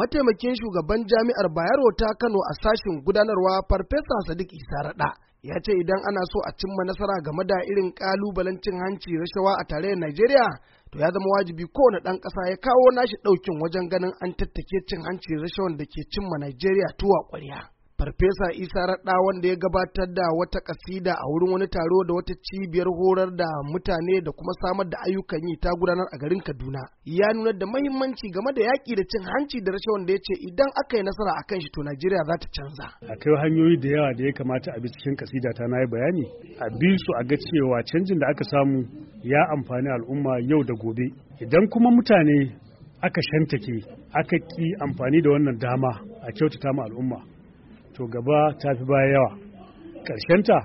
mataimakin shugaban jami'ar Bayero ta Kano a sashin gudanarwa Farfesa Sadiq Isa Raɗa ya ce idan ana so a cimma nasara game da irin ƙalubalen cin hanci rashawa a tarayyar Najeriya to ya zama wajibi kowane ɗan ƙasa ya kawo nashi ɗaukin wajen ganin an tattake cin hanci rashawan da ke cimma Najeriya tuwa ƙwarya. Farfesa Isa Raɗa wanda ya gabatar da wata kasida a wurin wani taro da wata cibiyar horar da mutane da kuma samar da ayyukan yi ta gudanar a garin Kaduna ya nuna da mahimmanci game da yaƙi da cin hanci da rashawan da ya ce idan aka yi nasara a kan shi to Najeriya za ta canza. Akwai hanyoyi da yawa da ya kamata a bi cikin kasida ta na yi bayani a bi su a ga cewa canjin da aka samu ya amfani al'umma yau da gobe idan kuma mutane aka shantake aka ki amfani da wannan dama a kyautata ma al'umma to gaba ta fi baya yawa ta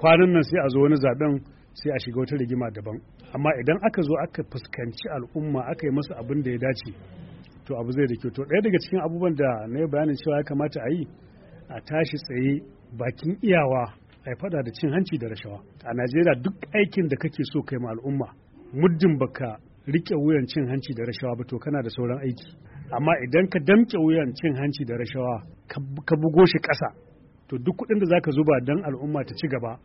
kwanan nan sai a zo wani zaben sai a shiga wata rigima daban amma idan aka zo aka fuskanci al'umma aka yi masu abin da ya dace to abu zai da kyau to ɗaya daga cikin abubuwan da na yi bayanin cewa ya kamata a yi a tashi tsaye bakin iyawa a yi fada da cin hanci da rashawa a najeriya duk aikin da kake so kai ma al'umma muddin baka rike wuyan cin hanci da rashawa ba to kana da sauran aiki amma idan ka damke wuyan cin hanci da rashawa ka bugo shi ƙasa to duk kuɗin da za ka zuba don al'umma ta ci gaba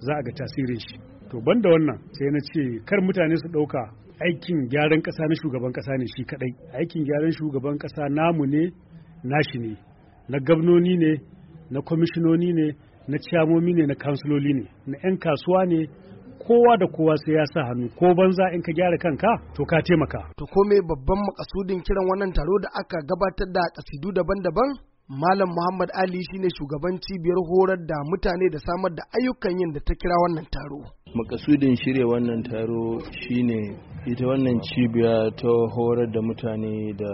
za a ga tasirin shi to ban da wannan sai na ce kar mutane su ɗauka aikin gyaran ƙasa na shugaban ƙasa ne shi kaɗai aikin gyaran shugaban ƙasa namu ne nashi ne na gabnoni ne na kwamishinoni ne na ciyamomi ne na kansiloli ne na 'yan kasuwa ne kowa da kowa sai ya sa hannu ko banza in ka gyara kanka to ka taimaka to me babban makasudin kiran wannan taro da aka gabatar da kasidu daban-daban Malam Muhammad Ali shine shugaban cibiyar horar da mutane da samar da ayyukan yin da ta kira wannan taro. Makasudin shirya wannan taro shine ita wannan cibiya ta horar da mutane da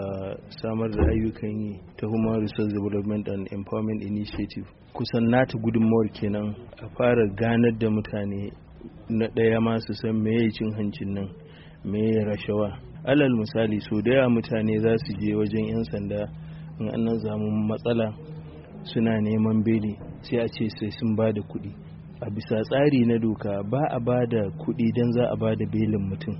samar da ayyukan yi ta Human Resource Development and Empowerment Initiative. Kusan nata gudunmawar kenan a fara ganar da mutane na ɗaya ma su san ya cin hancin nan ya rashawa alal misali so da yawa mutane za su je wajen 'yan sanda in an zamu matsala suna neman beli sai a ce sai sun ba da kuɗi a bisa tsari na doka ba a ba da kuɗi don za a ba da belin mutum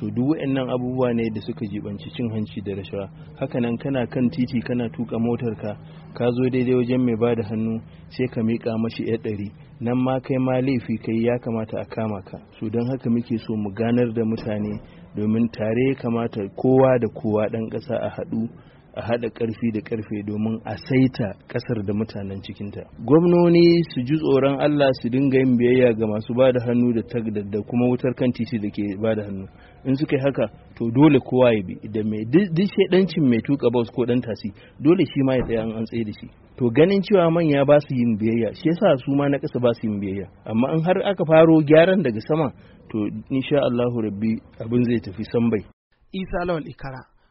to duk waɗannan abubuwa ne da suka jibanci cin hanci da rashawa hakanan kana kan titi kana tuka motar ka ka zo daidai wajen mai bada hannu sai ka miƙa mashi ya ɗari nan ma kai ma laifi kai ya kamata a kama ka su don haka muke so mu ganar da mutane domin tare kamata kowa da kowa ɗan ƙasa a haɗu a haɗa karfi da karfe domin a saita ƙasar da mutanen cikinta. Gwamnoni su ji tsoron Allah su dinga yin biyayya ga masu ba da hannu da tagdad kuma wutar kan titi da ke ba da hannu. In suka yi haka to dole kowa ya bi da mai duk shaidancin mai tuka bas ko dan tasi dole shi ma ya tsaya an tsaye da shi. To ganin cewa manya ba su yin biyayya shi yasa su ma na kasa ba su yin biyayya amma in har aka faro gyaran daga sama to insha Allahu rabbi abin zai tafi sambai. Isa Lawal Ikara